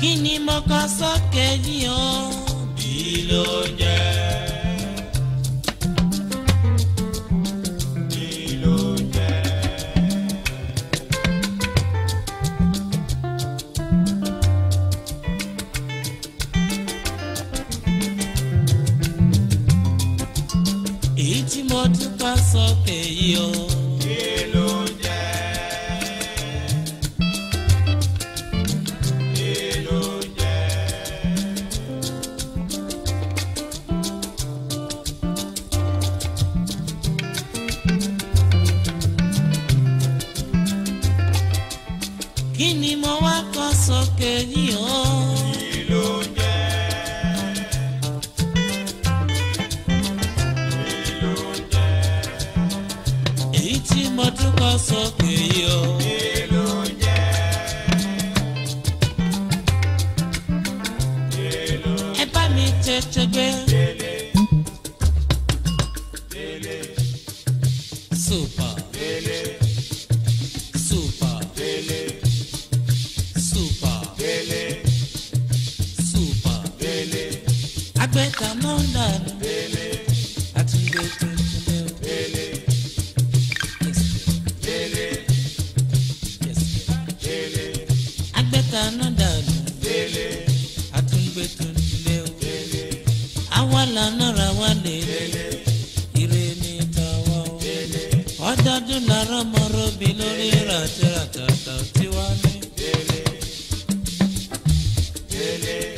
kí ni mo kọ sókè ní o. kí ló jẹ́. èyí mo tún sókè yìí o. kí ló. kí ni mo wá kọ sókè yìí o. kí ló jẹ́. kí ló jẹ́. èyí mi tètè gbé. Délé. super. agbẹ́ta mọ́ndà mi àtúndé tuntun lẹ́wọ̀. agbẹ́ta mọ́ndà mi àtúndé tuntun lẹ́wọ̀. àwa lànà ra wa lè ire ní tàwa o. ọdọọdún làárọ̀ mọ́rọ́ bí lórí ràtàtàtà tiwa ní. Dele. Dele.